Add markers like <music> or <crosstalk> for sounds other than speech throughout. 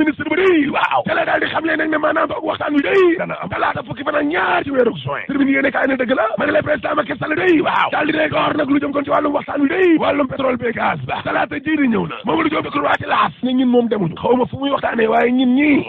ministre bi day waaw te la daal di xam le nag ne maanaam toog waxtaan wi day dana am talaata fukki fan ak ñaar ci weeru juin tribune yéene kaay ne dëgg la ma ne la président Macky Sall day waaw daal di rekoor nag lu jëm kon ci wàllum waxtaan wi day wàllum pétrole bi gaz ba talaata ji di ñëw na moom lu jëm croix ci laas ne ñun moom demuñu xaw ma fu muy waxtaanee waaye ñun ñii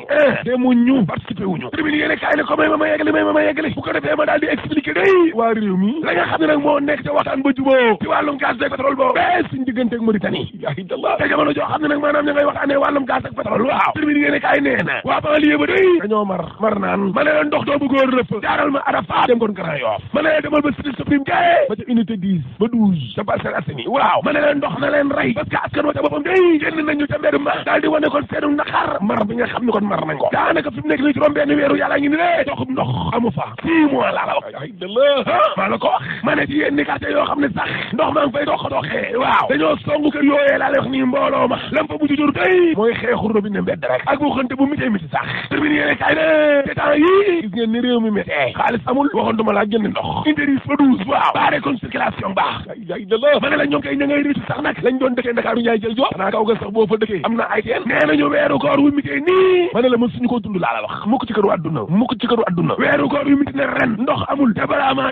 demuñu participé wuñu tribune yéene kaay ne ko may ma ma yeggali may ma ma yeggali bu ko defee ma daal di expliqué day waa réew mi la nga xam ne nag moo nekk ca waxtaan ba juboo ci wàllum gaz ak pétrole boobu bee suñ diggante ak Mauritanie yaa dallah te jamono joo xam ne nag maanaam ña ngay waxtaanee wàllum gaz ak pétrole waaw termine yéene kaay nee na waa banlieue ba day dañoo mar mar naan ma ne la ndox doo bëggoon rëpp jaaral ma Arafat dem koon Grand Yoff ma ne la demal ba cité suprême gaye ba ca unité 10 ba 12 ca Parcelles Assainies waaw ma ne la ndox na leen rey parce que askan wa ca boppam day génn nañu ca mbedd ma daal di wane kon seenu naqar mar bi nga xam ni kon mar nañ ko daanaka fi mu nekk nii juróom benn weeru yàlla ngi ni ne doxum ndox amu fa six mois laa la wax ay dëllaa maa la ko wax ma ne ci yéen ni quartier yoo xam ne sax ndox maa ngi fay dox doxee waaw dañoo songu kër yooyee laa la wax nii mbooloo ma lam fa mujj jur day mooy xeexu robinet mbedd rek ak bu xënte bu mitee miti sax termine yéene kay ne te temps yii gis ngeen ni réew mi méttee eh. xaalis amul waxantuma laa jënd ndox interdit fa douze waaw baare kon circulation baax ay dala ma ne la ñoom kay ña ngay ritu sax nag lañ doon dëkkee Ndakaaru Njaay jël jox xanaa kaw ga sax boo fa dëkkee am na ay teen nee nañu weeru koor wu mitee nii ma ne la mën ko dund laa wax mukk ci këru àdduna mukk ci weeru koor wu miti ne ren ndox amul te baraama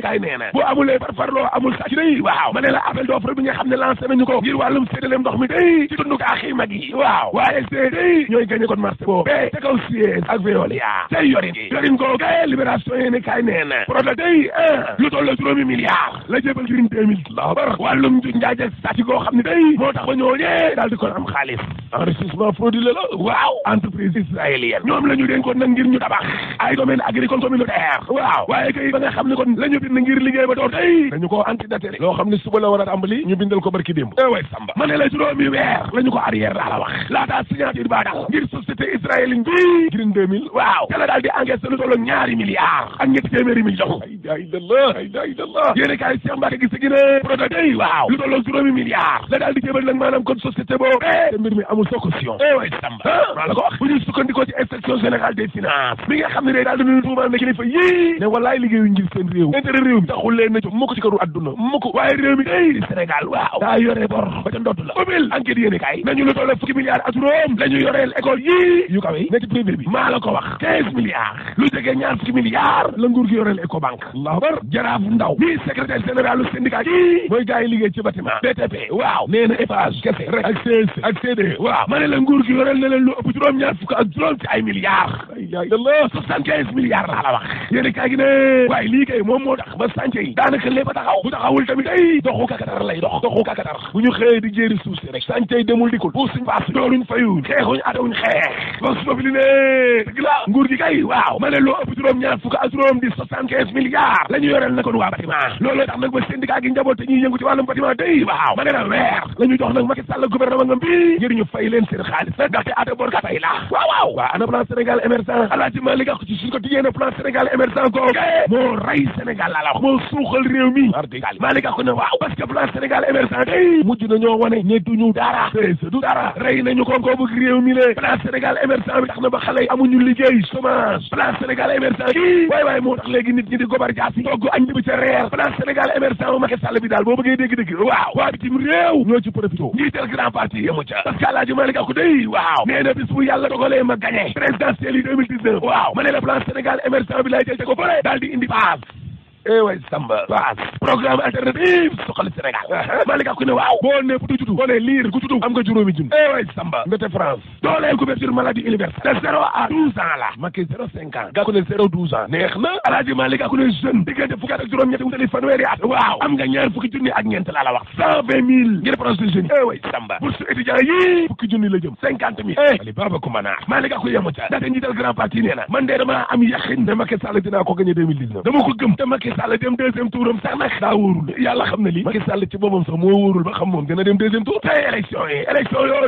te ñu nee na bu amulee far farloo amul sàcc day waaw ma ne la appel d'offre bi nga xam ne lancé nañu ko ngir wàllum séddale ndox mi day ci dund kaa xii mag yi waaw waaye see day ñooy gagné kon marché boobu eh, te kaw siège ak Veolia tey yorin gi yorin ko kay eh, libération yéene kaay nee na projet day ah lu toll la juróomi milliards la jébal Green 2000 la bar wàllum njaaj ak sàcc goo xam ne day moo tax ba ñooñee daal di kon am xaalis enrichissement frauduleux la waaw entreprise israélienne ñoom la ñu dénkoon nag ngir ñu tabax ay domaine agricole communautaire waaw waaye kay ba nga xam ne kon la ñu bind ngir liggéey ba door tey dañu ko antidaté loo xam ne suba la war a tàmbali ñu bindal ko barki démb eh way samba ma ne la juróomi weer la ñu ko arrière laa la wax laataa signature baa dal ngir société israélienne bi green 2000 waaw te la daal di encaissé lu lu tollu juróomi milliards la daal eh. mi amul soo ko sion eh waay Samba ah! maa la ko wax bu ñu sukkandikoo ci inspection générale des finances bi ah. nga xam ne day daal dinañu tuumaal ne a yii ne walaay liggéeyu ngir seen réew intérêt réew mi taxul leen na jóg mukk waaye réew mi ay waaw daa yore bor ba ca ndott la mobile enquête yéene kaay nañu lu tolle fukki milliards ak juróom la ñu yoreel école yii yu bi maa ko wax quinze milliards lu jegee ñaar fukki milliards la gi yoreel Ecobank allahu waaw ma ne la nguur gi yoral na leen lu ëpp juróom ñaar fukk ak juróom ci ay milliards la ilaha soixante quinze milliards laa la wax yéen kaa gi ne waaye lii kay moom moo tax ba sànce yi daanaka lépp a taxaw bu taxawul tamit ay doxu kakatar lay dox doxu kakatar bu ñu xëyee di jéeri suuf si rek sànce yi demul dikul bu suñ faas dooluñ fayuñ xeexuñ atawuñ xeex ba su li ne dëgg la nguur gi kay waaw ma ne loo ëpp juróom ñaar fukk ak juróom di soixante quinze milliards la ñu yoreel na kon waa bâtiment loolu tax nag ba syndicat gi njaboot te ñuy yëngu ci wàllum bâtiment tey waaw ma ne la weer la ñu jox nag Macky Sall gouvernement ngam bi ngir ñu fay fay leen seen xaalis nag ndaxte ate bor ka fay la waaw waaw waa ana plan Sénégal émergent alaaji Malick wax ci suñ ko tijjee ne plan Sénégal émergent googu moo rey Sénégal laa la wax moo suuxal réew mi ardigali Malick wax ne waaw parce que plan Sénégal émergent day mujj nañoo wane ñettuñu dara c'est du dara rey nañu ko ko bëgg réew mi le plan Sénégal émergent bi tax na ba xale yi amuñu liggéey chômage plan Sénégal émergent kii waay moo tax léegi nit ñi di gobar jaas yi togg añ bi ca reer plan Sénégal émergent Macky Sall bi daal boo bëggee dégg Alaaji Malick Gakou day waaw nee na bis bu yàlla dogalee ma gagné présidentielle yi 2019 waaw ma ne la plan Sénégal émergent bi lay jël ko fële daal di indi base Eh, way samba paas programme alternative soxali Sénégal <laughs> Malika ku ne waaw boo ne bu du juddu boo ne liir ku juddu am nga juróomi junni eh, way samba mbete France dooleel couverture maladie universelle de zéro à douze ans la Macky zéro cinq ga ku ne zéro douze ans neex na alaaji Malika ku ne jeune diggante fukki at ak juróom ñetti wutali fanweeri at waaw am nga ñaar fukki junni ak ñeent laa la wax cent vingt mille ngir France de jeune eh, way samba Macky Sall dem deuxième touram sax nag daa wóorul yàlla xam na li Macky Sall ci boppam sax moo wóorul ba xam moom dina dem deuxième tour tey élection yi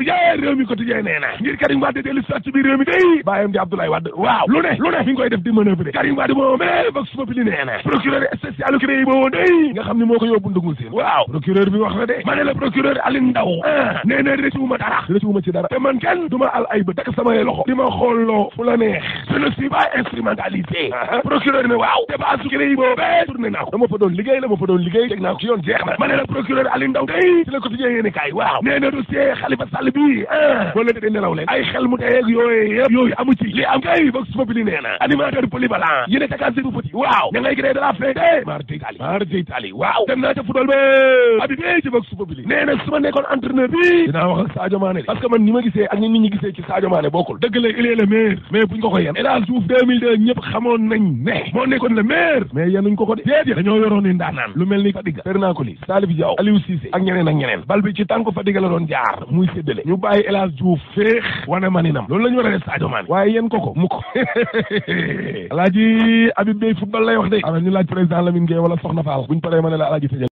yee réew mi quotidien nee ngir Karim Wade dellu si ci biir réew mi day bàyyam di Abdoulaye Wade waaw lu ne lu ne def di manœuvre Karim Wade moo mee eh, vox populi nee na procureur spécial créé yi boobu day eh, nga xam ne moo ko yóbbu ndugul seen waaw procureur wax na de ma ne la procureur Aline Ndaw ah nee dara waaye naa ko dama fa liggéey la ma fa liggéey teg ko ma ne la procureur Aliou Ndao la quotidien yéene kaay waaw nee na dossier Khalifa Sall bi ah wala de nelaw leen ay xel mu waaw da ngay gré de la fin mar d' Italie waaw dem naa ca football ba abi bee ci vox populi nee na su ma nekkoon entraîneur bi dinaa wax ak Sadio Mané parce que man ni ma gisee ak ni nit ñi gisee ci Sadio Mané bokkul dëgg la il est le maire mais buñ ne moo nekkoon le maire mais yenuñ ko ko ko de déedéet dañoo yoroon i ndaanaan lu mel ni Fadiga Fernand Coly Salif Diaw Aliou Cissé ak ñeneen ak ñeneen bal bi ci tànku Fadiga la doon jaar muy séddale ñu bàyyi El Hadj Diouf wane maninam loolu la ñu war a def Sadio Mané waaye yéen ko ko mu ko alaaji <laughs> Habib Bey football lay wax de alors ñu laaj président Lamine Gueye wala Soxna Fall buñ paree ma ne la alaaji tëjal